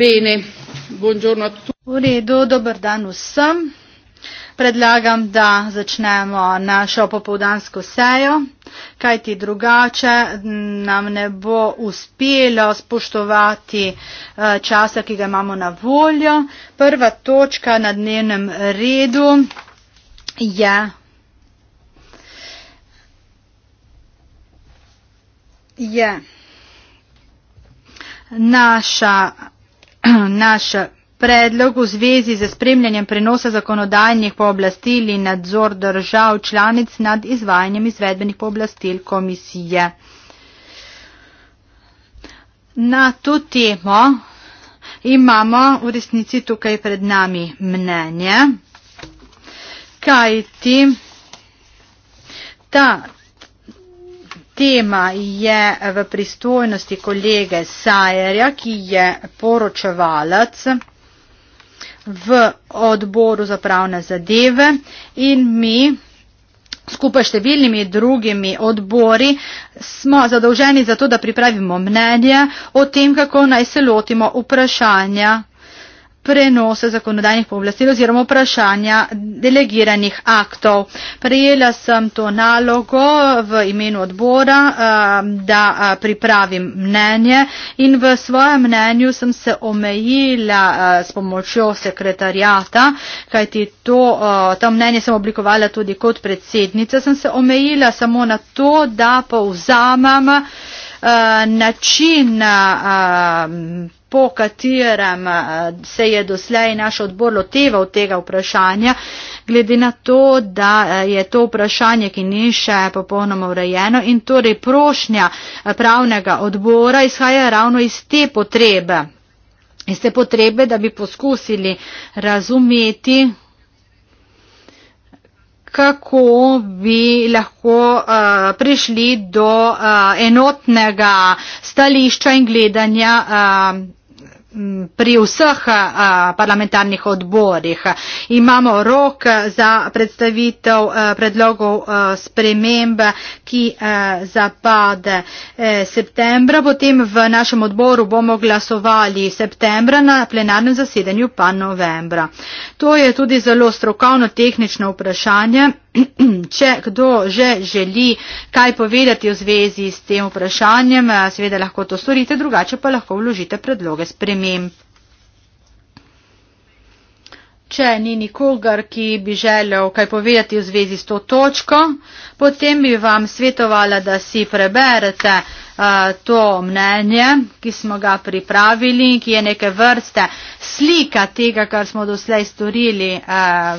Bene, buongiorno a tutti. V redu, dober dan vsem. Predlagam, da začnemo našo popovdansko sejo, kajti drugače nam ne bo uspelo spoštovati eh, časa, ki ga imamo na voljo. Prva točka na dnevnem redu je. je naša naš predlog v zvezi z spremljanjem prenosa zakonodajnih pooblastil in nadzor držav članic nad izvajanjem izvedbenih pooblastil komisije. Na to temo imamo v resnici tukaj pred nami mnenje, kajti ta tema je v pristojnosti kolege Sajerja, ki je poročevalec v odboru za pravne zadeve in mi skupaj številnimi drugimi odbori smo zadolženi za to, da pripravimo mnenje o tem, kako naj se lotimo vprašanja prenose zakonodajnih pooblastil oziroma vprašanja delegiranih aktov. Prijela sem to nalogo v imenu odbora, eh, da eh, pripravim mnenje in v svojem mnenju sem se omejila eh, s pomočjo sekretarjata, kajti to, to mnenje sem oblikovala tudi kot predsednica. Sem se omejila samo na to, da povzamem Eh, način, eh, po katerem eh, se je doslej naš odbor loteval tega vprašanja, glede na to, da je to vprašanje, ki ni še popolnoma urejeno in torej prošnja pravnega odbora izhaja ravno iz te potrebe. Iz te potrebe, da bi poskusili razumeti kako bi lahko uh, prišli do uh, enotnega stališča in gledanja uh, pri vseh uh, parlamentarnih odborih. Imamo rok za predstavitev uh, predlogov uh, sprememb, ki eh, zapade eh, septembra, potem v našem odboru bomo glasovali septembra, na plenarnem zasedanju pa novembra. To je tudi zelo strokovno tehnično vprašanje. Če kdo že želi kaj povedati v zvezi s tem vprašanjem, eh, seveda lahko to storite, drugače pa lahko vložite predloge sprememb. Če ni nikogar, ki bi želel kaj povedati v zvezi s to točko, potem bi vam svetovala, da si preberete uh, to mnenje, ki smo ga pripravili, ki je neke vrste slika tega, kar smo doslej storili uh,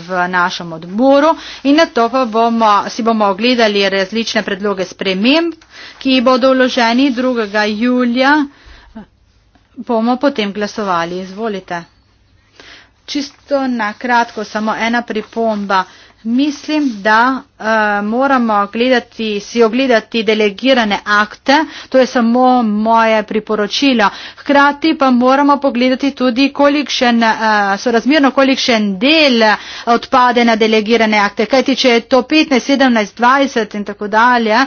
v našem odboru. In na to pa bomo, si bomo ogledali različne predloge sprememb, ki bodo vloženi 2. julija. Bomo potem glasovali. Izvolite. Čisto na kratko samo ena pripomba. Mislim, da Eh, moramo gledati, si ogledati delegirane akte, to je samo moje priporočilo. Hkrati pa moramo pogledati tudi, kolikšen, uh, sorazmerno kolikšen del eh, odpade na delegirane akte, kajti če je to 15, 17, 20 in tako dalje,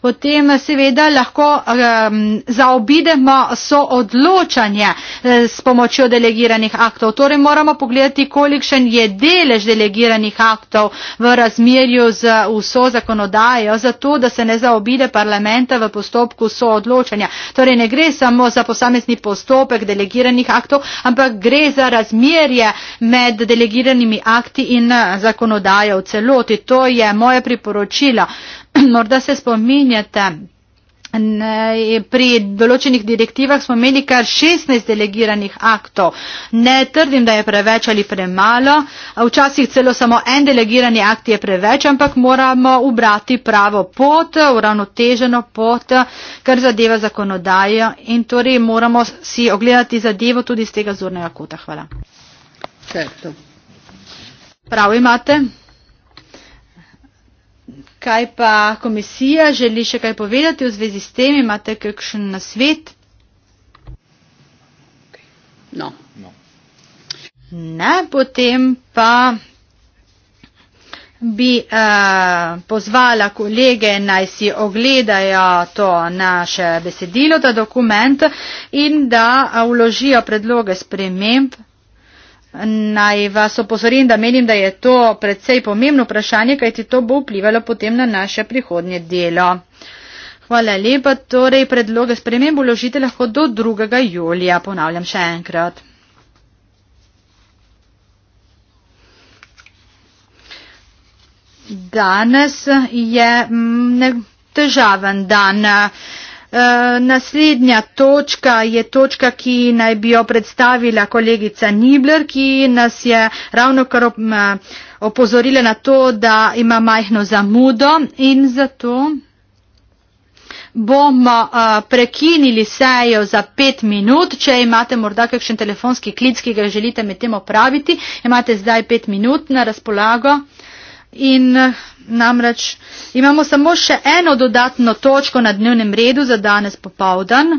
potem seveda lahko um, zaobidemo soodločanje s pomočjo delegiranih aktov. Torej moramo pogledati, kolikšen je delež delegiranih aktov v razmerju z uh, vso zakonodajo, zato da se ne zaobide parlamenta v postopku soodločanja. Torej ne gre samo za posamezni postopek delegiranih aktov, ampak gre za razmerje med delegiranimi akti in eh, zakonodajo v celoti. To je moje priporočilo. Morda se spominjate pri določenih direktivah smo imeli kar 16 delegiranih aktov. Ne trdim, da je preveč ali premalo, včasih celo samo en delegirani akt je preveč, ampak moramo ubrati pravo pot, uravnoteženo pot, kar zadeva zakonodajo in torej moramo si ogledati zadevo tudi iz tega zornega kota. Hvala. Prav imate. Kaj pa komisija želi še kaj povedati v zvezi s tem? Imate kakšen nasvet? No. no. Ne, potem pa bi uh, pozvala kolege, naj si ogledajo to naše besedilo, ta dokument in da uh, vložijo predloge sprememb. Naj vas opozorim, da menim, da je to predvsej pomembno vprašanje, kajti to bo vplivalo potem na naše prihodnje delo. Hvala lepa, torej predloge sprememb uložite lahko do 2. julija, ponavljam še enkrat. Danes je težaven dan. Eh, naslednja točka je točka, ki naj bi jo predstavila kolegica Nibler, ki nas je ravno kar eh, opozorila na to, da ima majhno zamudo in zato bomo uh, prekinili sejo za pet minut, če imate morda kakšen telefonski klic, ki ga želite med tem opraviti, imate zdaj pet minut na razpolago in eh, namreč imamo samo še eno dodatno točko na dnevnem redu za danes popovdan,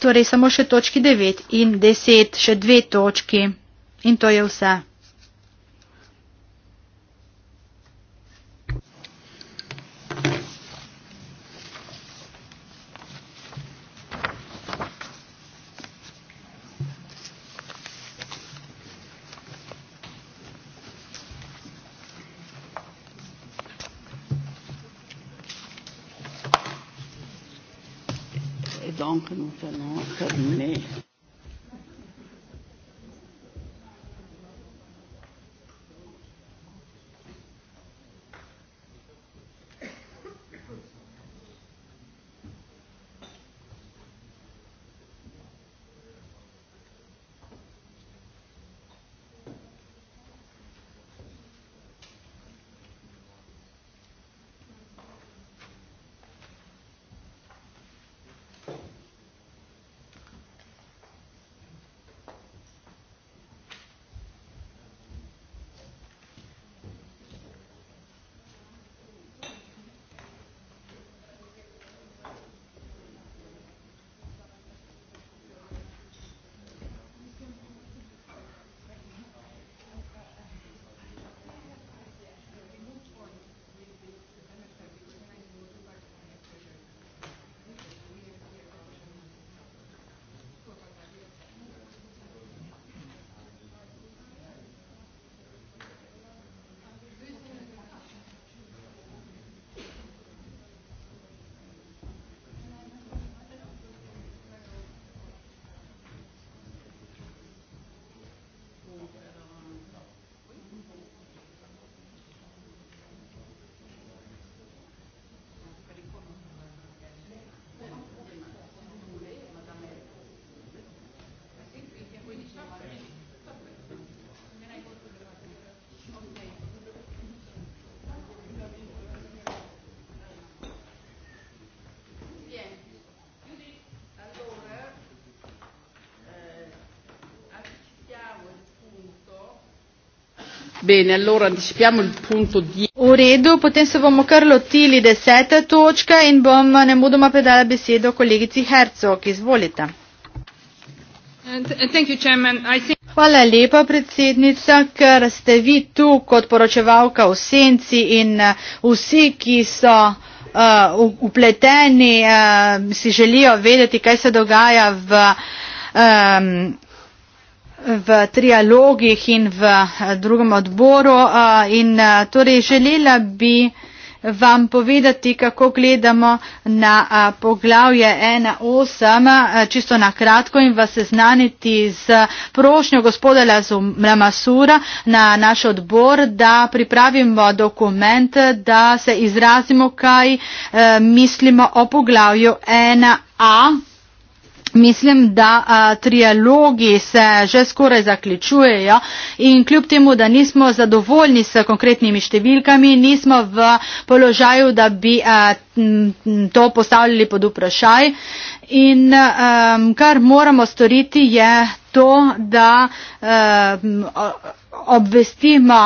torej samo še točki 9 in 10, še dve točki in to je vse. danken moeten, hoor. Nee. Bene, allora anticipiamo il punto 10. U redu, potem se bomo kar lotili deseta točka in bom ne mudoma predala besedo kolegici Herzog. Izvolite. Thank you, think... Hvala lepa, predsednica, ker ste vi tu kot poročevalka v senci in eh, vsi, ki so uh, eh, upleteni, uh, eh, si želijo vedeti, kaj se dogaja v. Um, v trialogih in v eh, drugem odboru eh, in eh, torej želela bi vam povedati, kako gledamo na poglavje 1.8, čisto na kratko in vas seznaniti z prošnjo gospoda Lamasura na naš odbor, da pripravimo dokument, da se izrazimo, kaj mislimo o poglavju 1.8. A, Mislim, da a, trialogi se že skoraj zaključujejo in kljub temu, da nismo zadovoljni s konkretnimi številkami, nismo v položaju, da bi a, m, to postavljali pod vprašaj. In a, kar moramo storiti je to, da a, obvestimo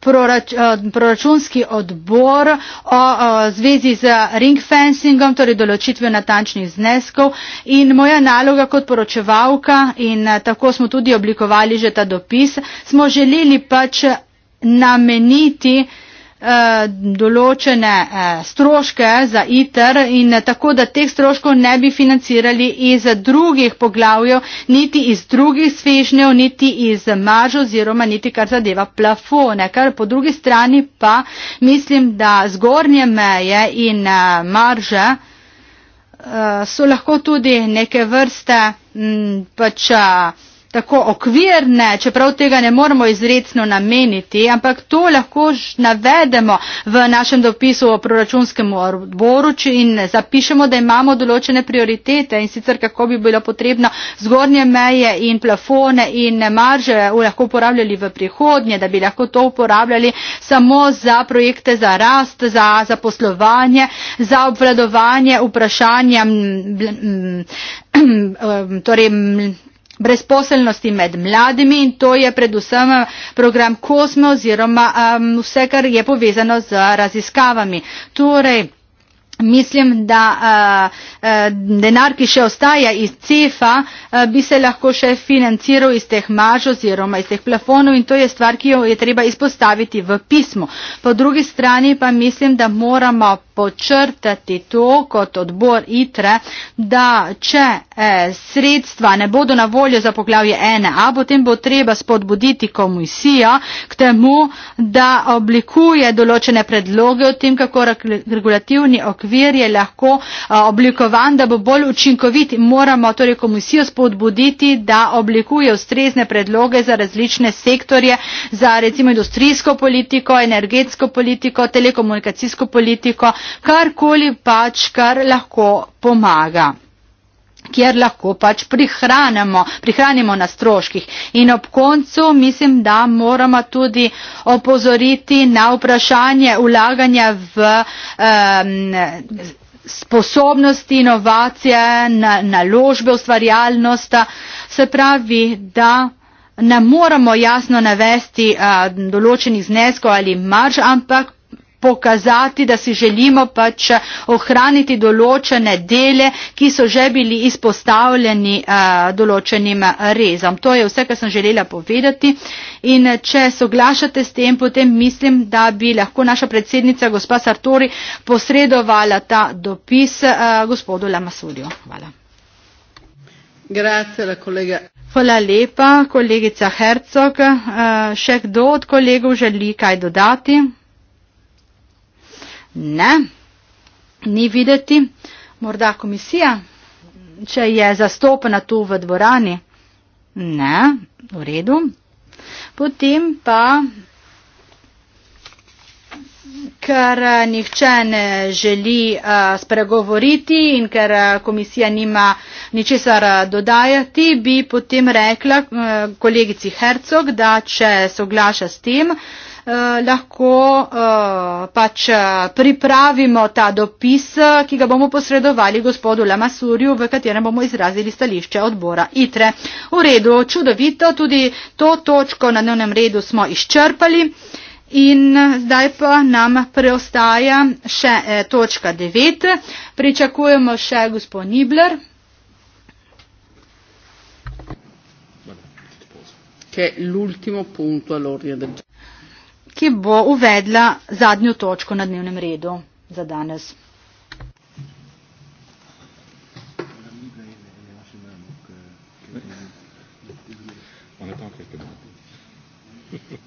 proračun, eh, proračunski odbor o, o eh, zvezi z ring fencingom, torej določitve natančnih zneskov in moja naloga kot poročevalka in eh, tako smo tudi oblikovali že ta dopis, smo želeli pač nameniti Eh, določene eh, stroške za ITER in tako, da teh stroškov ne bi financirali iz drugih poglavjev, niti iz drugih svežnjev, niti iz marž oziroma niti kar zadeva plafone. Ker po drugi strani pa mislim, da zgornje meje in eh, marže so lahko tudi neke vrste mm, pač tako okvirne, čeprav tega ne moramo izredno nameniti, ampak to lahko navedemo v našem dopisu o proračunskem odboru in zapišemo, da imamo določene prioritete in sicer kako bi bilo potrebno zgornje meje in plafone in marže lahko uporabljali v prihodnje, da bi lahko to uporabljali samo za projekte za rast, za zaposlovanje, za, za obvladovanje vprašanja. Torej, brezposelnosti med mladimi in to je predvsem eh, program kosme oziroma vse kar je povezano z raziskavami. torej Mislim, da uh, denar, ki še ostaja iz CEFA, uh, bi se lahko še financiral iz teh maž oziroma iz teh plafonov in to je stvar, ki jo je treba izpostaviti v pismu. Po drugi strani pa mislim, da moramo počrtati to kot odbor ITRE, da če eh, sredstva ne bodo na voljo za poglavje 1A, potem bo treba spodbuditi komisijo k temu, da oblikuje določene predloge o tem, kako regulativni okvir okvir je lahko oblikovan, da bo bolj učinkovit. Moramo torej komisijo spodbuditi, da oblikuje ustrezne predloge za različne sektorje, za recimo industrijsko politiko, energetsko politiko, telekomunikacijsko politiko, karkoli pač, kar lahko pomaga kjer lahko pač prihranimo, prihranimo na stroških. In ob koncu mislim, da moramo tudi opozoriti na vprašanje ulaganja v. Um, sposobnosti, inovacije, naložbe, na ustvarjalnost, se pravi, da ne moramo jasno navesti a, določenih zneskov ali marž, ampak pokazati, da si želimo pač ohraniti določene dele, ki so že bili izpostavljeni eh, določenim rezom. To je vse, kar sem želela povedati. In eh, če soglašate s tem, potem mislim, da bi lahko naša predsednica gospa Sartori posredovala ta dopis eh, gospodu Lamasurju. Hvala. Grazie, kolega. Hvala lepa, kolegica Hercog. Še kdo od kolegov želi kaj dodati? Ne, ni videti. Morda komisija, če je zastopena tu v dvorani. Ne, v redu. Potem pa, ker eh, nihče ne želi uh, spregovoriti in ker eh, komisija nima ničesar dodajati, bi potem rekla uh, kolegici Hercog, da če soglaša s tem, uh, Eh, lahko eh, pač eh, pripravimo ta dopis, ki ga bomo posredovali gospodu Lamasurju, v katerem bomo izrazili stališče odbora ITRE. V redu, čudovito, tudi to točko na dnevnem redu smo izčrpali. In zdaj pa nam preostaja še e, točka 9. Pričakujemo še gospod Nibler. Che l'ultimo punto all'ordine del giorno ki bo uvedla zadnjo točko na dnevnem redu za danes. Thank you.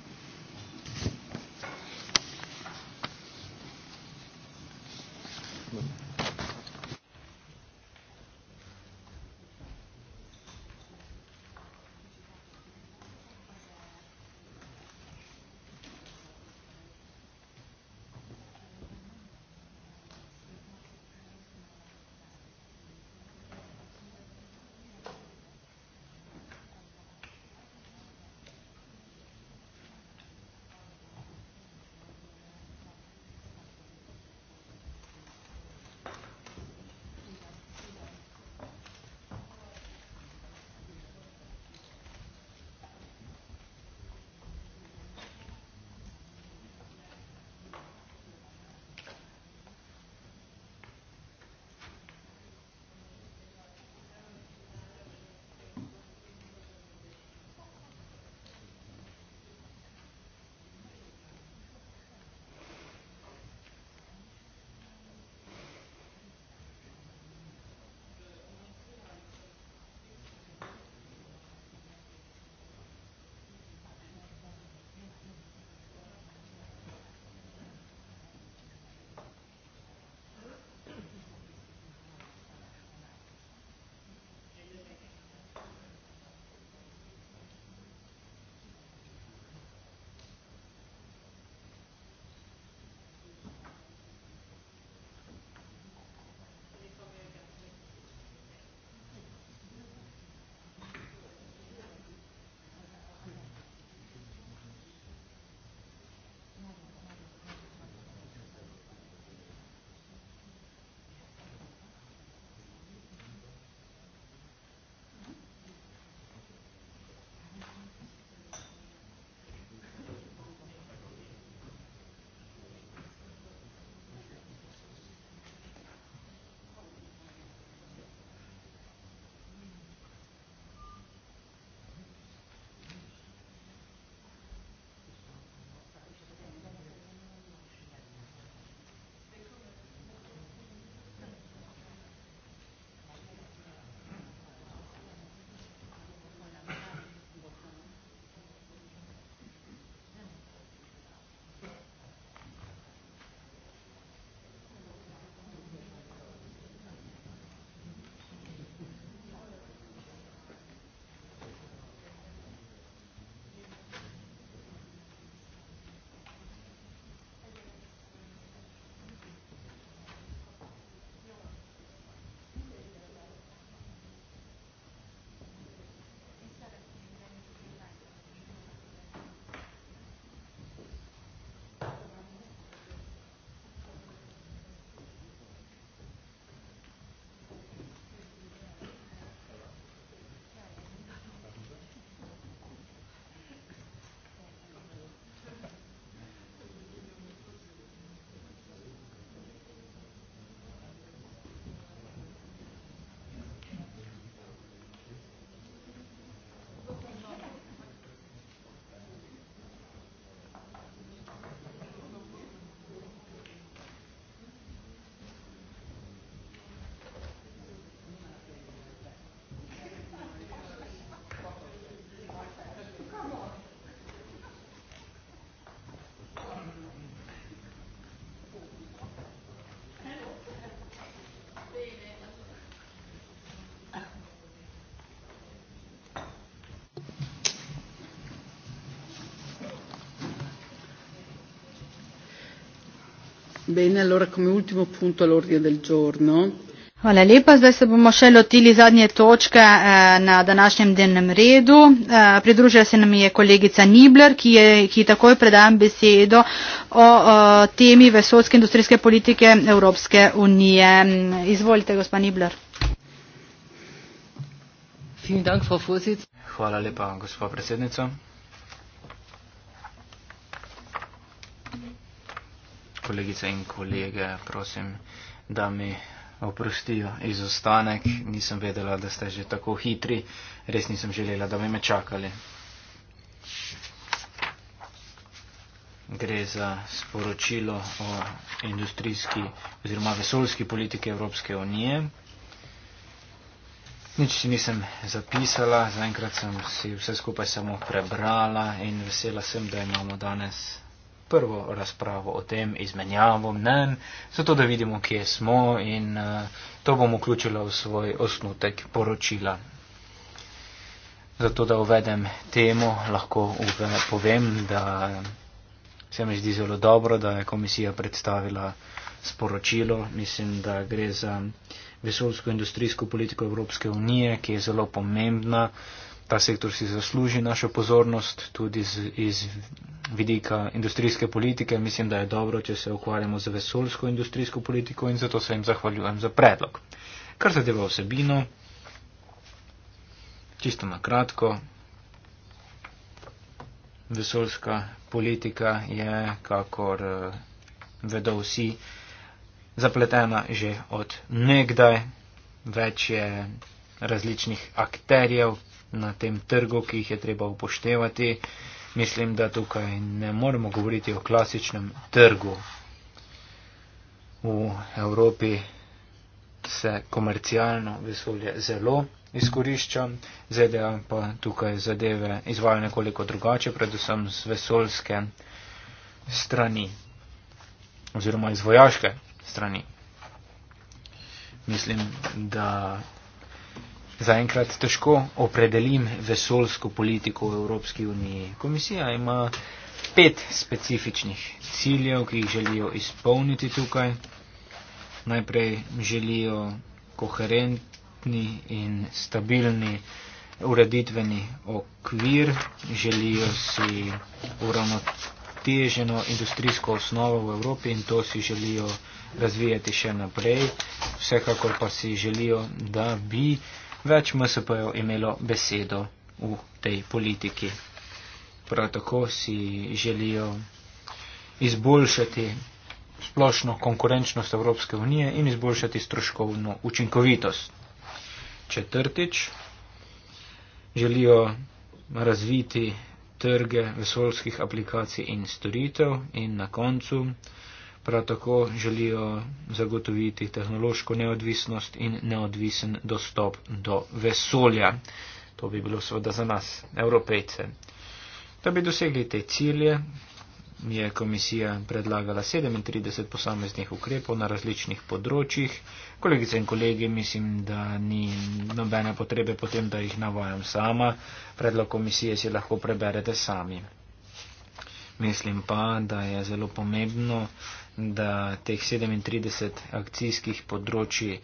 Hvala lepa. Zdaj se bomo še lotili zadnje točke eh, na današnjem dnevnem redu. Eh, pridružila se nam je kolegica Nibler, ki, je, ki takoj predajam besedo o, o temi vesolske industrijske politike Evropske unije. Izvolite, gospa Nibler. Hvala lepa, gospod predsednica. kolegice in kolege, prosim, da mi oprostijo izostanek. Nisem vedela, da ste že tako hitri, res nisem želela, da bi me čakali. Gre za sporočilo o industrijski oziroma vesoljski politiki Evropske unije. Nič nisem zapisala, zaenkrat sem si vse skupaj samo prebrala in vesela sem, da imamo danes prvo razpravo o tem izmenjavo mnen, zato da vidimo, kje smo in eh, to bom vključila v svoj osnutek poročila. Zato, da uvedem temo, lahko uve, povem, da se mi zdi zelo dobro, da je komisija predstavila sporočilo. Mislim, da gre za vesolsko industrijsko politiko Evropske unije, ki je zelo pomembna. Ta sektor si zasluži našo pozornost tudi z, iz vidika industrijske politike. Mislim, da je dobro, če se ukvarjamo z vesolsko industrijsko politiko in zato se jim zahvaljujem za predlog. Kar zadeva vsebino, čisto na kratko, vesolska politika je, kakor eh, vedo vsi, zapletena že od nekdaj, več je različnih akterjev, na tem trgu, ki jih je treba upoštevati. Mislim, da tukaj ne moremo govoriti o klasičnem trgu. V Evropi se komercialno vesolje zelo izkorišča, ZDA pa tukaj zadeve izvaja nekoliko drugače, predvsem z vesoljske strani oziroma iz vojaške strani. Mislim, da zaenkrat težko opredelim vesolsko politiko v Evropski uniji. Komisija ima pet specifičnih ciljev, ki jih želijo izpolniti tukaj. Najprej želijo koherentni in stabilni ureditveni okvir, želijo si uravnoteženo industrijsko osnovo v Evropi in to si želijo razvijati še naprej. Vsekakor pa si želijo, da bi več MSP-jev imelo besedo v tej politiki. Prav tako si želijo izboljšati splošno konkurenčnost Evropske unije in izboljšati stroškovno učinkovitost. Četrtič, želijo razviti trge vesolskih aplikacij in storitev in na koncu Prav tako želijo zagotoviti tehnološko neodvisnost in neodvisen dostop do vesolja. To bi bilo seveda za nas, evropejce. Da bi dosegli te cilje, je komisija predlagala 37 posameznih ukrepov na različnih področjih. Kolegice in kolege, mislim, da ni nobene potrebe potem, da jih navajam sama. Predlog komisije si lahko preberete sami. Mislim pa, da je zelo pomembno, da teh 37 akcijskih področji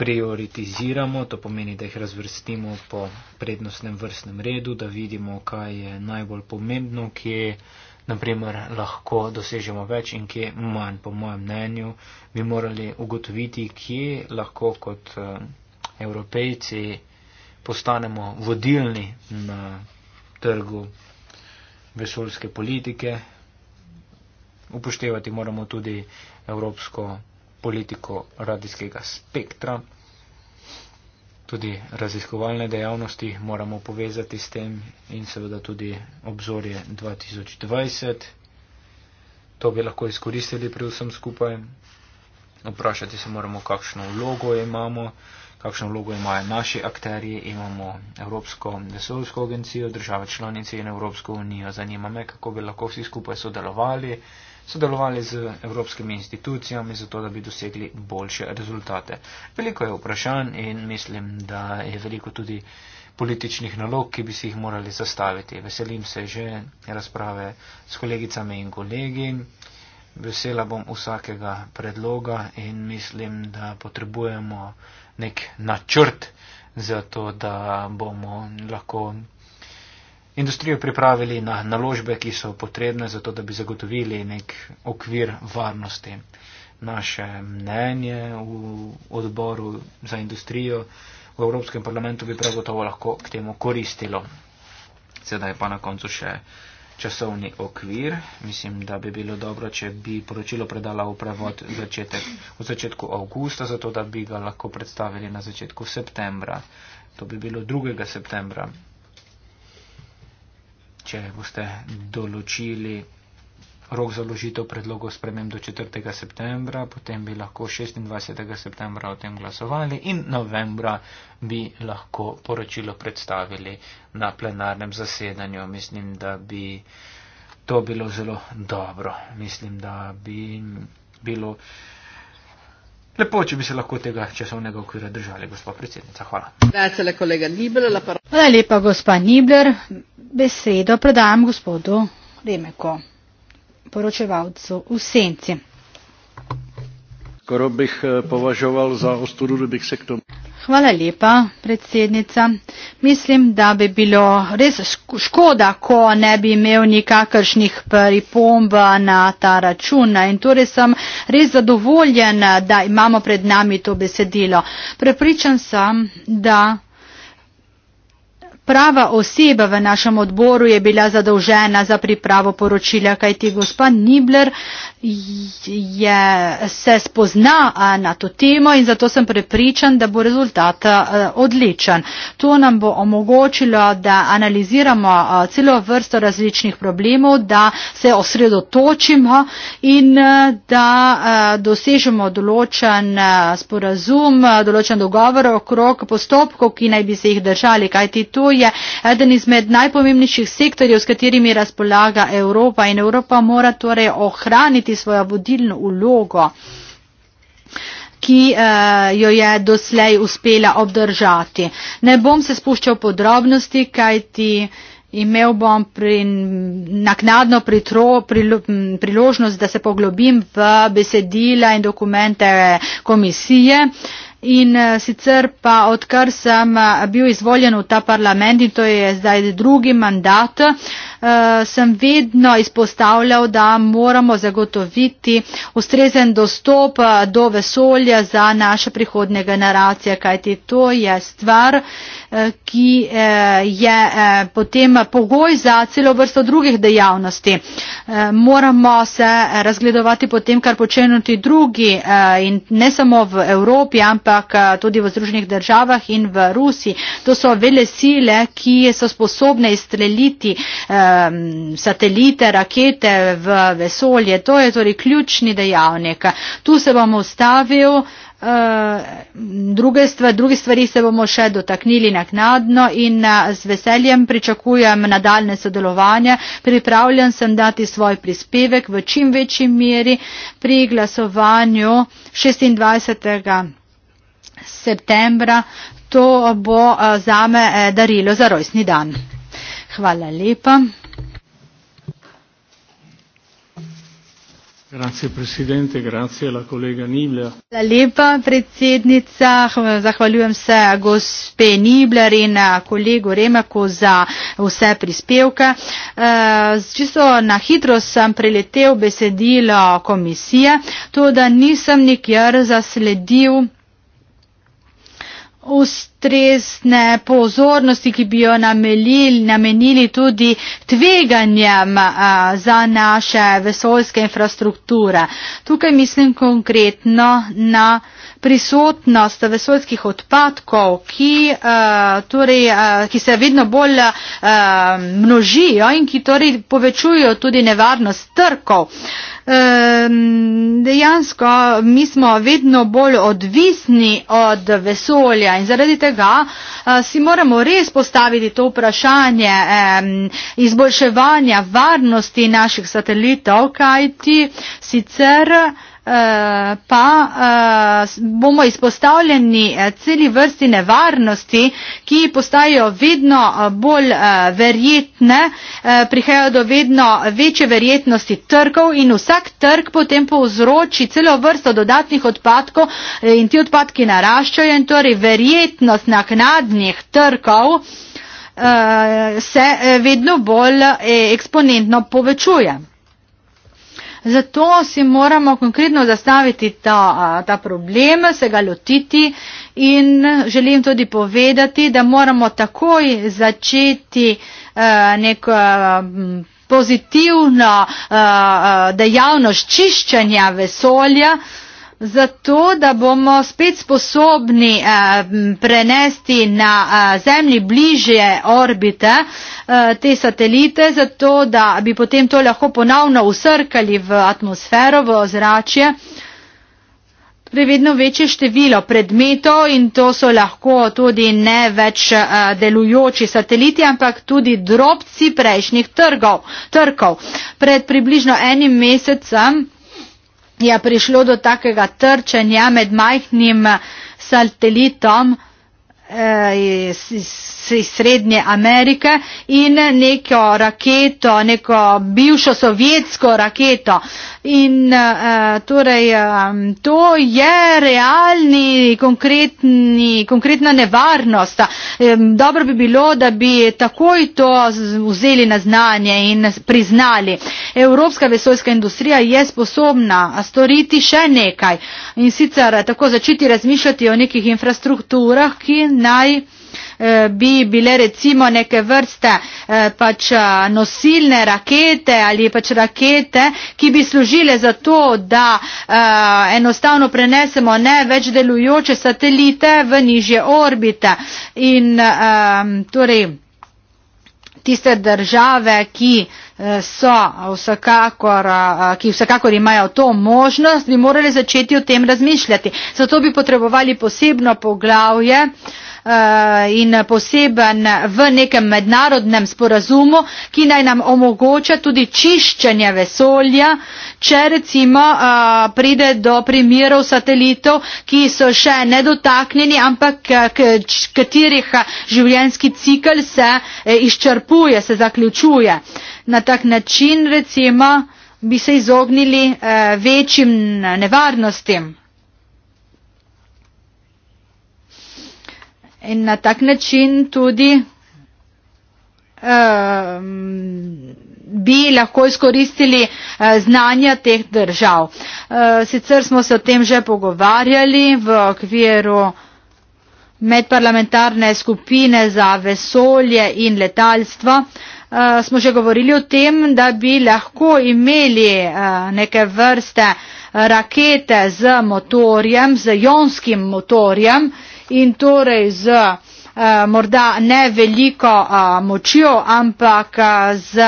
prioritiziramo, to pomeni, da jih razvrstimo po prednostnem vrstnem redu, da vidimo, kaj je najbolj pomembno, kje naprimer lahko dosežemo več in kje manj. Po mojem mnenju bi morali ugotoviti, kje lahko kot eh, evropejci postanemo vodilni na trgu vesoljske politike, upoštevati moramo tudi evropsko politiko radijskega spektra. Tudi raziskovalne dejavnosti moramo povezati s tem in seveda tudi obzorje 2020. To bi lahko izkoristili pri vsem skupaj. Vprašati se moramo, kakšno vlogo imamo, kakšno vlogo imajo naši akterji. Imamo Evropsko vesoljsko agencijo, države članice in Evropsko unijo. Zanima me, kako bi lahko vsi skupaj sodelovali, sodelovali z evropskimi institucijami, zato da bi dosegli boljše rezultate. Veliko je vprašanj in mislim, da je veliko tudi političnih nalog, ki bi si jih morali zastaviti. Veselim se že razprave s kolegicami in kolegi. Vesela bom vsakega predloga in mislim, da potrebujemo nek načrt za to, da bomo lahko industrijo pripravili na naložbe, ki so potrebne za to, da bi zagotovili nek okvir varnosti. Naše mnenje v odboru za industrijo v Evropskem parlamentu bi prav gotovo lahko k temu koristilo. Sedaj pa na koncu še časovni okvir. Mislim, da bi bilo dobro, če bi poročilo predala v prevod začetek, v začetku avgusta, zato da bi ga lahko predstavili na začetku septembra. To bi bilo 2. septembra če boste določili rok za ložitev predlogov spremem do 4. septembra, potem bi lahko 26. septembra o tem glasovali in novembra bi lahko poročilo predstavili na plenarnem zasedanju. Mislim, da bi to bilo zelo dobro. Mislim, da bi bilo. Lepo, če bi se lahko tega časovnega okvira držali, gospod predsednica. Hvala. Hvala lepa, gospa Nibler. Besedo predajam gospodu Remeko, poročevalcu v senci. Skoro bih eh, považoval za ostudu, da bi se k tomu. Hvala lepa, predsednica. Mislim, da bi bilo res škoda, ko ne bi imel nikakršnih pripomb na ta račun. In torej sem res zadovoljen, da imamo pred nami to besedilo. Prepričan sem, da prava oseba v našem odboru je bila zadolžena za pripravo poročila, kajti gospa Nibler je, se spozna na to temo in zato sem prepričan, da bo rezultat odličen. To nam bo omogočilo, da analiziramo celo vrsto različnih problemov, da se osredotočimo in da dosežemo določen sporazum, določen dogovor okrog postopkov, ki naj bi se jih držali, kajti to je je eden izmed najpomembnejših sektorjev, s katerimi razpolaga Evropa in Evropa mora torej ohraniti svojo vodilno ulogo ki eh, jo je doslej uspela obdržati. Ne bom se spuščal podrobnosti, kajti imel bom pri, naknadno pritro, prilo, priložnost, da se poglobim v besedila in dokumente komisije in eh, sicer pa odkar sem eh, bil izvoljen v ta parlament in to je zdaj drugi mandat, eh, sem vedno izpostavljal, da moramo zagotoviti ustrezen dostop do vesolja za naše prihodne generacije, kajti to je stvar, Eh, ki eh, je eh, potem pogoj za celo vrsto drugih dejavnosti. Moramo se razgledovati po tem, kar počenjajo ti drugi in ne samo v Evropi, ampak tudi v Združenih državah in v Rusiji. To so vele sile, ki so sposobne izstreliti satelite, rakete v vesolje. To je torej ključni dejavnik. Tu se bom ustavil. Eh, druge stvari, druge stvari se bomo še dotaknili naknadno in eh, z veseljem pričakujem nadaljne sodelovanje. Pripravljen sem dati svoj prispevek v čim večji meri pri glasovanju 26. septembra. To bo eh, zame darilo za rojstni dan. Hvala lepa. Grazie presidente, grazie alla collega Nibler. Hvala lepa predsednica, zahvaljujem se gospe Nibler in eh, kolegu Remaku za vse prispevke. Eh, čisto na hitro sem preletel besedilo komisije, to, da nisem nikjer zasledil ustavljanje ustrezne pozornosti, ki bi jo namelili, namenili tudi tveganjem a, za naše vesoljske infrastrukture. Tukaj mislim konkretno na prisotnost vesoljskih odpadkov, ki, a, torej, a, ki se vedno bolj a, množijo in ki torej povečujo tudi nevarnost trkov. Dejansko mi smo vedno bolj odvisni od vesolja in zaradi tega, tega eh, si moramo res postaviti to vprašanje izboljševanja varnosti naših satelitov, kajti sicer Eh, pa eh, bomo izpostavljeni eh, celi vrsti nevarnosti, ki postajajo vedno bolj verjetne, prihajajo do vedno večje verjetnosti trgov in vsak trg potem povzroči celo vrsto dodatnih odpadkov in ti odpadki naraščajo in torej verjetnost naknadnih trgov se vedno bolj eksponentno povečuje. Zato si moramo konkretno zastaviti ta, ta problem, se ga lotiti in želim tudi povedati, da moramo takoj začeti nek pozitivno dejavnost čiščenja vesolja zato da bomo spet sposobni eh, prenesti na eh, zemlji bližje orbite eh, te satelite, zato da bi potem to lahko ponovno usrkali v atmosfero, v ozračje. Torej vedno večje število predmetov in to so lahko tudi ne več eh, delujoči sateliti, ampak tudi drobci prejšnjih trgov, trkov. Pred približno enim mesecem je ja, prišlo do takega trčenja med majhnim satelitom Eh, iz Srednje Amerike in neko raketo, neko bivšo sovjetsko raketo. In eh, torej to je realni, konkretni, konkretna nevarnost. Dobro bi bilo, da bi takoj to vzeli na znanje in priznali. Evropska vesoljska industrija je sposobna storiti še nekaj in sicer tako začeti razmišljati o nekih infrastrukturah, ki naj eh, bi bile recimo neke vrste eh, pač eh, nosilne rakete ali pač rakete, ki bi služile za to, da enostavno prenesemo ne več delujoče satelite v nižje orbite. In torej tiste države, ki so vsekakor, ki vsekakor imajo to možnost, bi morali začeti o tem razmišljati. Zato bi potrebovali posebno poglavje e, in poseben v nekem mednarodnem sporazumu, ki naj nam omogoča tudi čiščenje vesolja, če recimo e, pride do primerov satelitov, ki so še nedotaknjeni, ampak e, katerih življenjski cikl se izčrpuje, se zaključuje na tak način recimo bi se izognili eh, večjim nevarnostim. In na tak način tudi eh, bi lahko izkoristili eh, znanja teh držav. Eh, sicer smo se o tem že pogovarjali v okviru medparlamentarne skupine za vesolje in letalstvo. Eh, Eh, smo že govorili o tem, da bi lahko imeli eh, neke vrste eh, rakete z motorjem, z jonskim motorjem in torej z Eh, morda ne veliko eh, močjo, ampak eh, z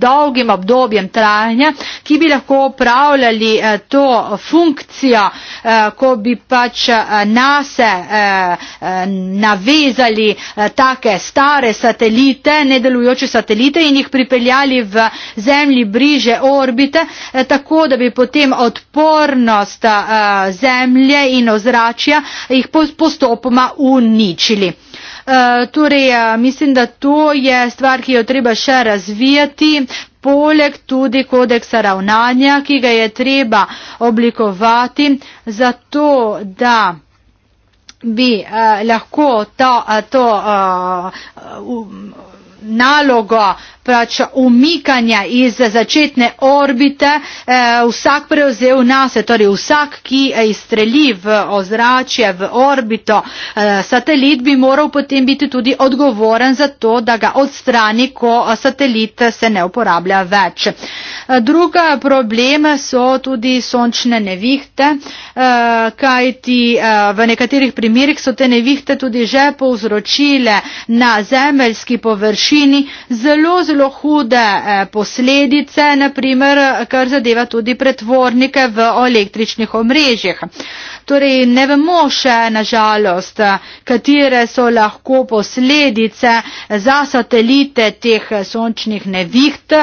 dolgim obdobjem trajanja, ki bi lahko upravljali to funkcijo, ko bi pač nase navezali take stare satelite, nedelujoče satelite in jih pripeljali v zemlji bliže orbite, tako da bi potem odpornost zemlje in ozračja jih postopoma uničili. Eh, torej, eh, mislim, da to je stvar, ki jo treba še razvijati. Poleg tudi kodeksa ravnanja, ki ga je treba oblikovati, zato da bi eh, lahko to, eh, to eh, nalogo pač umikanja iz začetne orbite eh, vsak prevzel nas, torej vsak, ki eh, izstreli v ozračje, v orbito eh, satelit, bi moral potem biti tudi odgovoren za to, da ga odstrani, ko eh, satelit se ne uporablja več. Eh, druga problem so tudi sončne nevihte, eh, kajti eh, v nekaterih primerjih so te nevihte tudi že povzročile na zemeljski površini, bolečini, zelo, zelo hude eh, posledice, naprimer, eh, kar zadeva tudi pretvornike v električnih omrežjih. Torej, ne vemo še nažalost, katere so lahko posledice za satelite teh sončnih neviht, eh,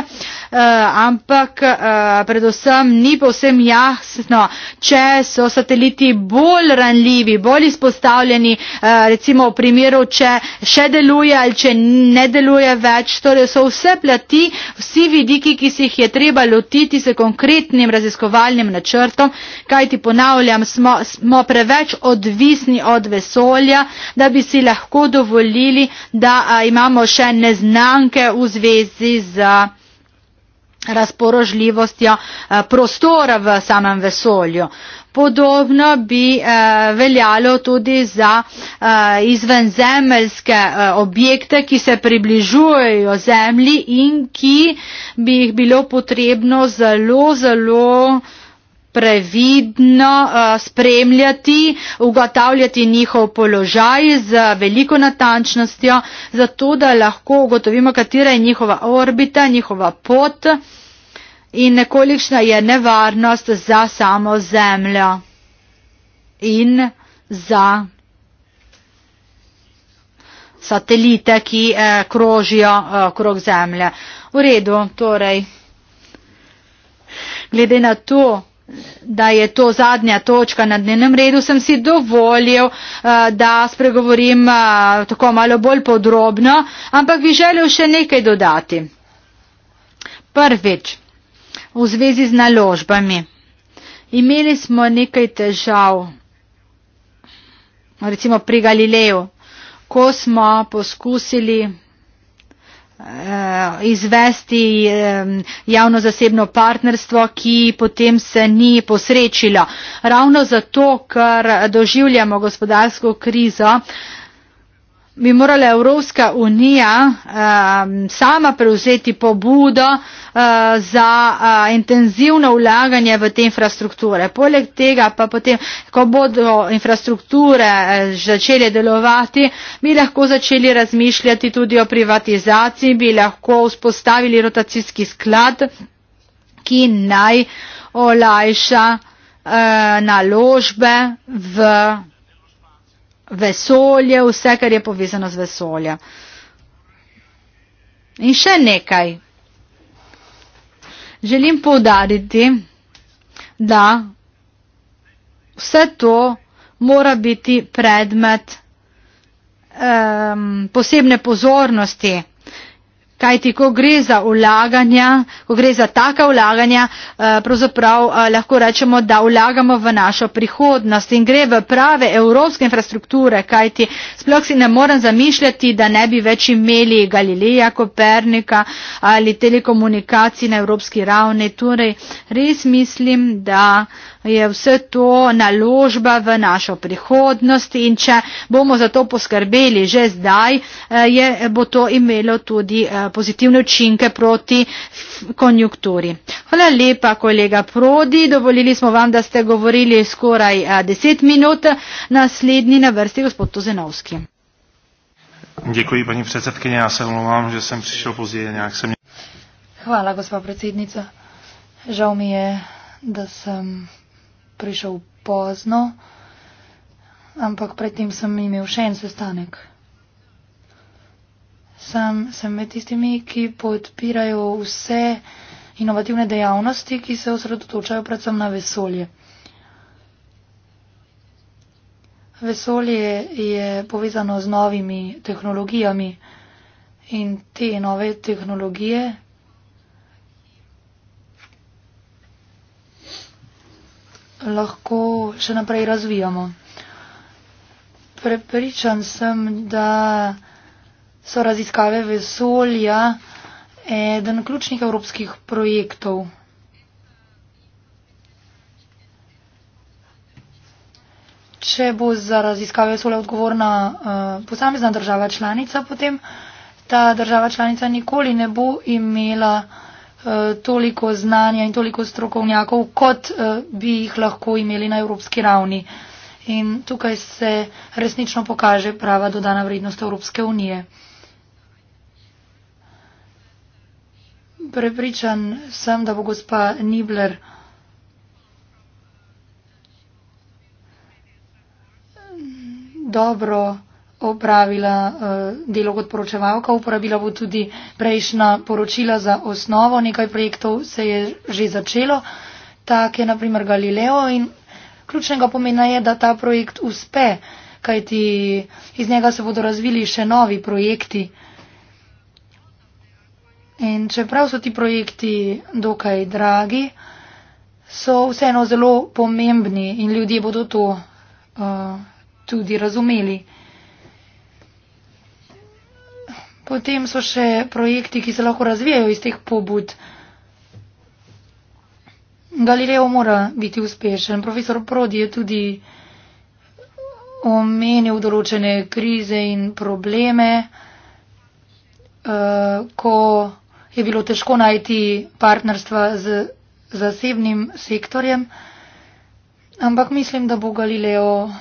ampak eh, predvsem ni povsem jasno, če so sateliti bolj ranljivi, bolj izpostavljeni, eh, recimo v primeru, če še deluje ali če ne deluje več. Torej, so vse plati, vsi vidiki, ki si jih je treba lotiti s konkretnim raziskovalnim načrtom, kaj ti ponavljam, smo, smo preveč odvisni od vesolja, da bi si lahko dovolili, da imamo še neznanke v zvezi z razporožljivostjo prostora v samem vesolju. Podobno bi eh, veljalo tudi za eh, izvenzemeljske eh, objekte, ki se približujejo zemlji in ki bi jih bilo potrebno zelo, zelo eh, previdno eh, spremljati, ugotavljati njihov položaj z veliko natančnostjo, zato da lahko ugotovimo, katera je njihova orbita, njihova pot in nekolikšna je nevarnost za samo Zemljo in za satelite, ki eh, krožijo eh, okrog Zemlje. V redu, torej. Glede na to, da je to zadnja točka na dnevnem redu, sem si dovolil, eh, da spregovorim eh, tako malo bolj podrobno, ampak bi želel še nekaj dodati. Prvič, v zvezi z naložbami. Imeli smo nekaj težav, recimo pri Galileju, ko smo poskusili Eh, izvesti javno-zasebno partnerstvo, ki potem se ni posrečilo. Ravno zato, ker doživljamo gospodarsko krizo, bi morala Evropska unija ehm, sama prevzeti pobudo eh, za eh, intenzivno vlaganje v te infrastrukture. Poleg tega pa potem, ko bodo infrastrukture eh, začele delovati, bi lahko začeli razmišljati tudi o privatizaciji, bi lahko vzpostavili rotacijski sklad, ki naj olajša naložbe v vesolje, vse, kar je povezano z vesoljem. In še nekaj. Želim povdariti, da vse to mora biti predmet um, posebne pozornosti kajti ko gre za ulaganja, ko gre za taka ulaganja, eh, pravzaprav eh, lahko rečemo, da ulagamo v našo prihodnost in gre v prave evropske infrastrukture, kajti sploh si ne morem zamišljati, da ne bi več imeli Galileja, Kopernika ali telekomunikacij na evropski ravni. Torej, res mislim, da je vse to naložba v našo prihodnost in če bomo za to poskrbeli že zdaj, eh, je, bo to imelo tudi pozitivne učinke proti konjunkturi. Hvala lepa, kolega Prodi. Dovolili smo vam, da ste govorili skoraj deset minut. Naslednji na vrsti gospod Tozenovski. Děkuji, paní předsedkyně, já se omlouvám, že jsem přišel později, nějak jsem... Hvala, gospa predsednica. Žal mi je, da sem prišel pozno, ampak predtem sem imel še en sestanek sem, sem med tistimi, ki podpirajo vse inovativne dejavnosti, ki se osredotočajo predvsem na vesolje. Vesolje je povezano z novimi tehnologijami in te nove tehnologije lahko še naprej razvijamo. Prepričan sem, da so raziskave vesolja eden ključnih evropskih projektov. Če bo za raziskave vesolja odgovorna uh, posamezna država članica, potem ta država članica nikoli ne bo imela uh, toliko znanja in toliko strokovnjakov, kot uh, bi jih lahko imeli na evropski ravni. In tukaj se resnično pokaže prava dodana vrednost Evropske unije. Prepričan sem, da bo gospa Nibler dobro opravila uh, delo kot poročevalka, uporabila bo tudi prejšnja poročila za osnovo, nekaj projektov se je že začelo, tak je naprimer Galileo in ključnega pomena je, da ta projekt uspe, kajti iz njega se bodo razvili še novi projekti. In čeprav so ti projekti dokaj dragi, so vseeno zelo pomembni in ljudje bodo to uh, tudi razumeli. Potem so še projekti, ki se lahko razvijajo iz teh pobud. Galileo mora biti uspešen. Profesor Prodi je tudi omenil določene krize in probleme, uh, ko je bilo težko najti partnerstva z zasebnim sektorjem, ampak mislim, da bo Galileo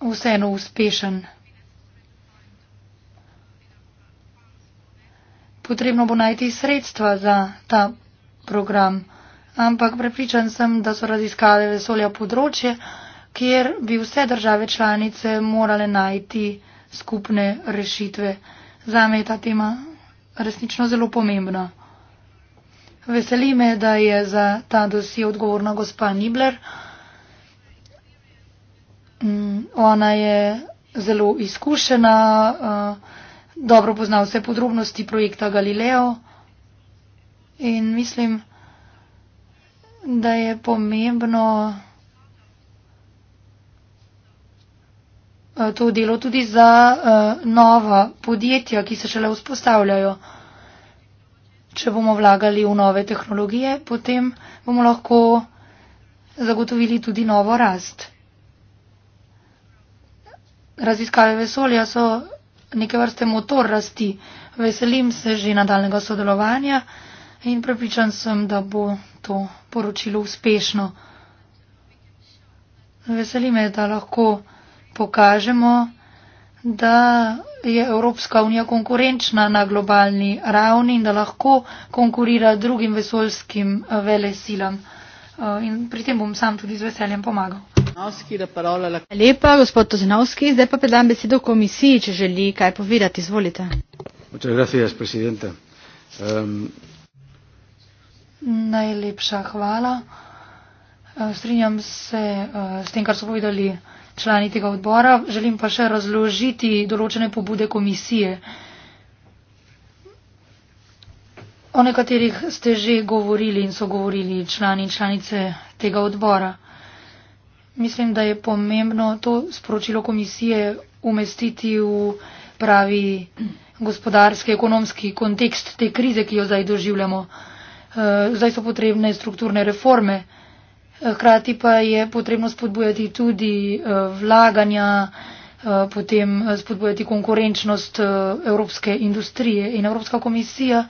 vseeno uspešen. Potrebno bo najti sredstva za ta program, ampak prepričan sem, da so raziskave vesolja področje, kjer bi vse države članice morale najti skupne rešitve. Zame je ta tema resnično zelo pomembna. Veseli me, da je za ta dosi odgovorna gospa Nibler. Mm, ona je zelo izkušena, eh, dobro pozna vse podrobnosti projekta Galileo in mislim, da je pomembno, Eh, to delo tudi za eh, nova podjetja, ki se šele vzpostavljajo. Če bomo vlagali v nove tehnologije, potem bomo lahko zagotovili tudi novo rast. Raziskave vesolja so neke vrste motor rasti. Veselim se že nadaljnega sodelovanja in prepričan sem, da bo to poročilo uspešno. Veselime, da lahko pokažemo, da je Evropska unija konkurenčna na globalni ravni in da lahko konkurira drugim vesoljskim eh, velesilam. Eh, in pri tem bom sam tudi z veseljem pomagal. Lepa, gospod Tozinovski, zdaj pa predam besedo komisiji, če želi kaj povedati. Izvolite. Um... Najlepša hvala. Eh, strinjam se s tem, kar so povedali člani tega odbora, želim pa še razložiti določene pobude komisije. O nekaterih ste že govorili in so govorili člani in članice tega odbora. Mislim, da je pomembno to sporočilo komisije umestiti v pravi gospodarski, ekonomski kontekst te krize, ki jo zdaj doživljamo. Eh, zdaj so potrebne strukturne reforme. Hkrati pa je potrebno spodbujati tudi eh, vlaganja, eh, potem eh, spodbujati konkurenčnost evropske industrije. In Evropska komisija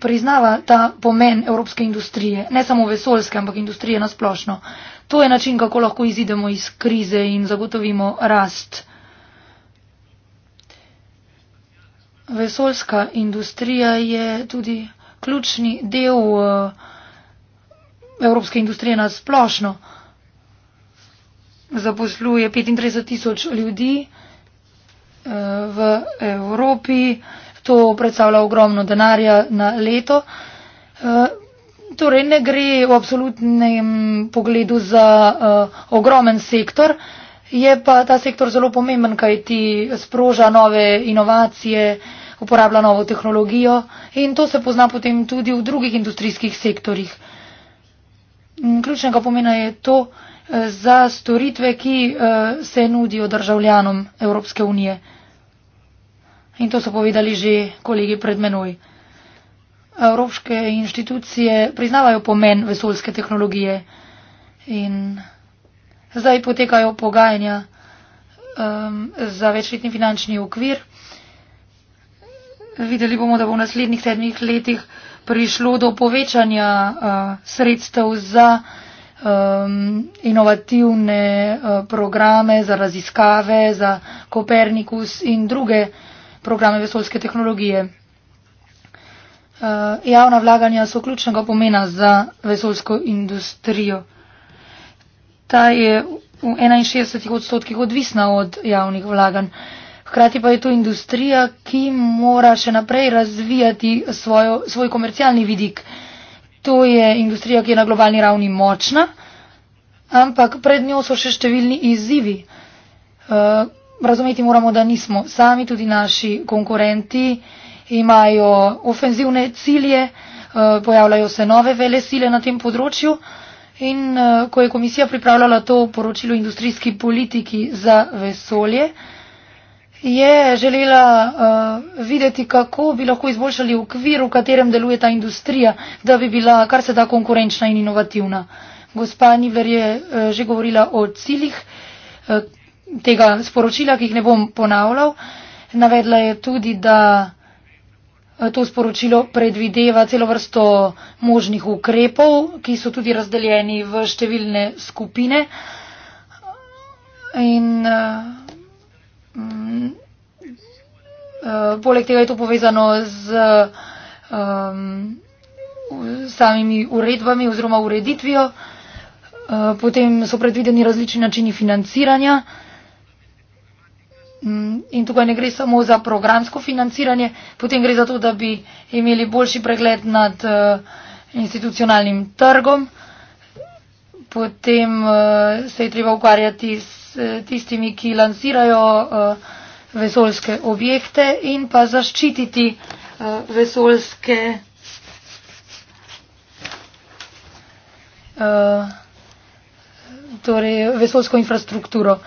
priznava ta pomen evropske industrije, ne samo vesoljske, ampak industrije nasplošno. To je način, kako lahko izidemo iz krize in zagotovimo rast. Vesoljska industrija je tudi ključni del uh, evropske industrije na splošno. Zaposluje 35 tisoč ljudi eh, v Evropi, to predstavlja ogromno denarja na leto. Eh, torej ne gre v absolutnem pogledu za eh, ogromen sektor, je pa ta sektor zelo pomemben, kaj ti sproža nove inovacije, uporablja novo tehnologijo in to se pozna potem tudi v drugih industrijskih sektorjih. Mm, ključnega pomena je to eh, za storitve, ki eh, se nudijo državljanom Evropske unije. In to so povedali že kolegi pred menoj. Evropske inštitucije priznavajo pomen vesoljske tehnologije in zdaj potekajo pogajanja um, za večletni finančni okvir videli bomo, da bo v naslednjih sedmih letih prišlo do povečanja uh, sredstev za um, inovativne uh, programe, za raziskave, za Kopernikus in druge programe vesoljske tehnologije. Uh, javna vlaganja so ključnega pomena za vesoljsko industrijo. Ta je v 61 odstotkih odvisna od javnih vlaganj. Hkrati pa je to industrija, ki mora še naprej razvijati svojo, svoj komercialni vidik. To je industrija, ki je na globalni ravni močna, ampak pred njo so še številni izzivi. E, razumeti moramo, da nismo sami, tudi naši konkurenti imajo ofenzivne cilje, e, pojavljajo se nove vele sile na tem področju. In e, ko je komisija pripravljala to poročilo industrijski politiki za vesolje, je želela uh, videti, kako bi lahko izboljšali okvir, v katerem deluje ta industrija, da bi bila kar se da konkurenčna in inovativna. Gospa Niver je uh, že govorila o ciljih uh, tega sporočila, ki jih ne bom ponavljal. Navedla je tudi, da to sporočilo predvideva celo vrsto možnih ukrepov, ki so tudi razdeljeni v številne skupine. In, uh, Mm. Eh, poleg tega je to povezano z um, samimi uredbami oziroma ureditvijo. Eh, potem so predvideni različni načini financiranja mm, in tukaj ne gre samo za programsko financiranje, potem gre za to, da bi imeli boljši pregled nad eh, institucionalnim trgom, potem se je treba ukvarjati s tistimi, ki lansirajo eh, vesoljske objekte in pa zaščititi eh, vesoljske eh, torej vesoljsko infrastrukturo.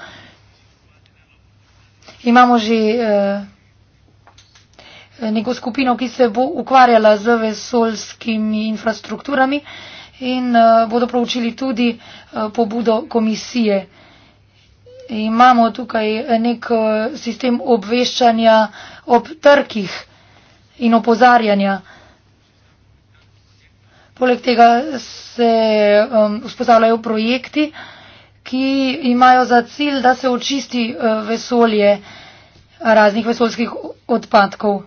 Imamo že neko skupino, ki se bo ukvarjala z vesoljskimi infrastrukturami in bodo proučili tudi pobudo komisije imamo tukaj nek eh, sistem obveščanja ob trkih in opozarjanja. Poleg tega se um, vzpostavljajo projekti, ki imajo za cilj, da se očisti eh, vesolje raznih vesolskih odpadkov.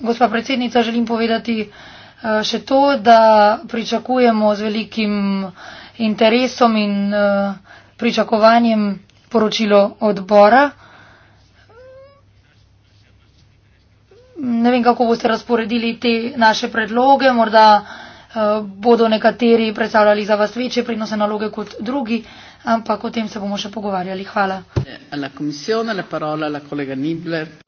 Gospa predsednica, želim povedati eh, še to, da pričakujemo z velikim interesom in uh, pričakovanjem poročilo odbora. Ne vem, kako boste razporedili te naše predloge, morda eh, bodo nekateri predstavljali za vas večje prinose naloge kot drugi, ampak o tem se bomo še pogovarjali. Hvala.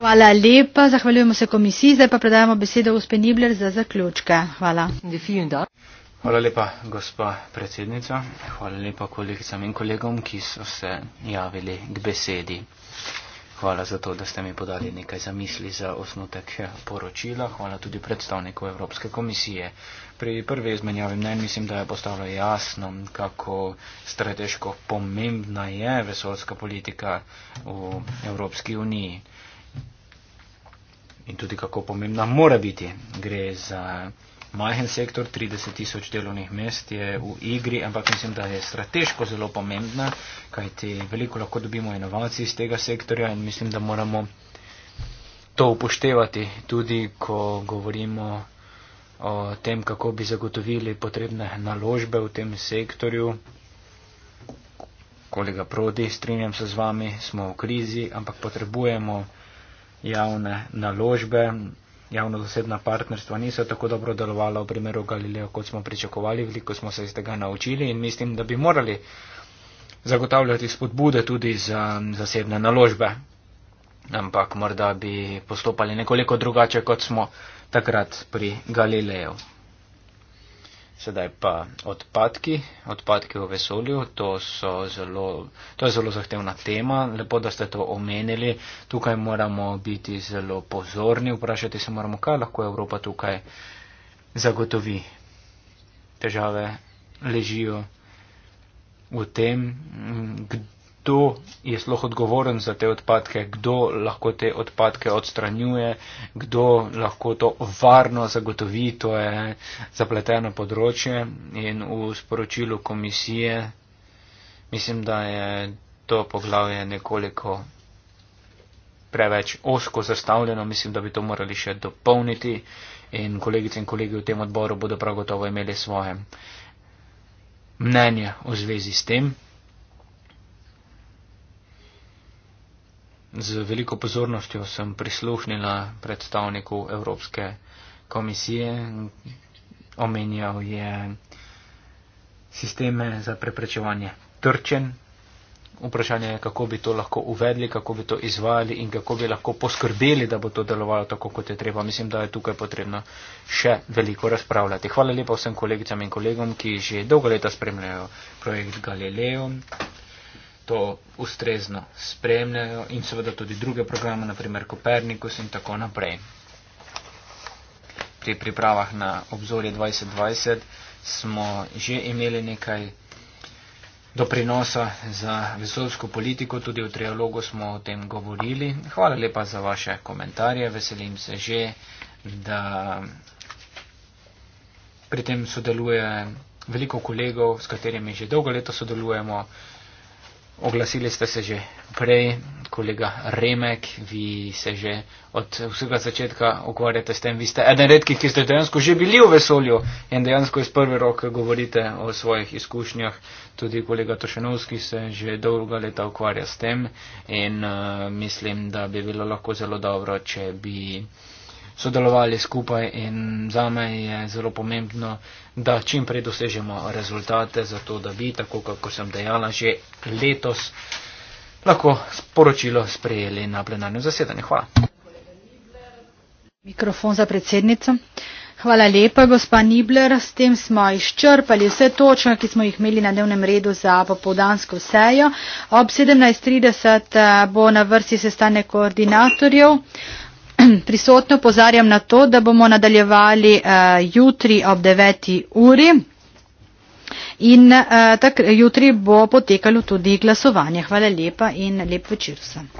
Hvala lepa, zahvaljujemo se komisiji, zdaj pa predajamo besedo gospe Nibler za zaključke. Hvala. Hvala lepa, gospa predsednica. Hvala lepa kolegicam in kolegom, ki so se javili k besedi. Hvala za to, da ste mi podali nekaj zamisli za osnutek poročila. Hvala tudi predstavniku Evropske komisije. Pri prvi izmenjavi mnen mislim, da je postalo jasno, kako strateško pomembna je vesolska politika v Evropski uniji in tudi kako pomembna mora biti. Gre za majhen sektor, 30 tisoč delovnih mest je v igri, ampak mislim, da je strateško zelo pomembna, kajti veliko lahko dobimo inovacij iz tega sektorja in mislim, da moramo to upoštevati tudi, ko govorimo o tem, kako bi zagotovili potrebne naložbe v tem sektorju. Kolega Prodi, strinjam se z vami, smo v krizi, ampak potrebujemo javne naložbe, javno-zasebna partnerstva niso tako dobro delovala v primeru Galileo, kot smo pričakovali, veliko smo se iz tega naučili in mislim, da bi morali zagotavljati spodbude tudi za zasebne naložbe. Ampak morda bi postopali nekoliko drugače, kot smo takrat pri Galileju. Sedaj pa odpadki, odpadki v vesolju, to, zelo, to je zelo zahtevna tema, lepo, da ste to omenili. Tukaj moramo biti zelo pozorni, vprašati se moramo, kaj lahko Evropa tukaj zagotovi. Težave ležijo v tem, kdo kdo je sloh odgovoren za te odpadke, kdo lahko te odpadke odstranjuje, kdo lahko to varno zagotovi, to je zapleteno področje in v sporočilu komisije mislim, da je to poglavje nekoliko preveč osko zastavljeno, mislim, da bi to morali še dopolniti in kolegice in kolegi v tem odboru bodo prav gotovo imeli svoje mnenje v zvezi s tem. Z veliko pozornostjo sem prisluhnila predstavniku Evropske komisije. Omenjal je sisteme za preprečevanje trčen. Vprašanje je, kako bi to lahko uvedli, kako bi to izvajali in kako bi lahko poskrbeli, da bo to delovalo tako, kot je treba. Mislim, da je tukaj potrebno še veliko razpravljati. Hvala lepa vsem kolegicam in kolegom, ki že dolgo leta spremljajo projekt Galileo to ustrezno spremljajo in seveda tudi druge programe, naprimer Kopernikus in tako naprej. Pri pripravah na obzorje 2020 smo že imeli nekaj doprinosa za vesolsko politiko, tudi v trialogu smo o tem govorili. Hvala lepa za vaše komentarje, veselim se že, da pri tem sodeluje veliko kolegov, s katerimi že dolgo leto sodelujemo. Oglasili ste se že prej, kolega Remek, vi se že od vsega začetka ukvarjate s tem. Vi ste eden redkih, ki ste dejansko že bili v vesolju in dejansko iz prve roke govorite o svojih izkušnjah. Tudi kolega Tošenovski se že dolga leta ukvarja s tem in uh, mislim, da bi bilo lahko zelo dobro, če bi sodelovali skupaj in za me je zelo pomembno, da čim prej dosežemo rezultate za to, da bi, tako kako sem dejala, že letos lahko sporočilo sprejeli na plenarnem zasedanju. Hvala. Mikrofon za predsednico. Hvala lepa, gospa Nibler. S tem smo izčrpali vse točke, ki smo jih imeli na dnevnem redu za popovdansko sejo. Ob 17.30 eh, bo na vrsti sestanek koordinatorjev. prisotno opozarjam na to, da bomo nadaljevali uh, jutri ob 9. uri in uh, eh, tak, jutri bo potekalo tudi glasovanje. Hvala lepa in lep večer vsem.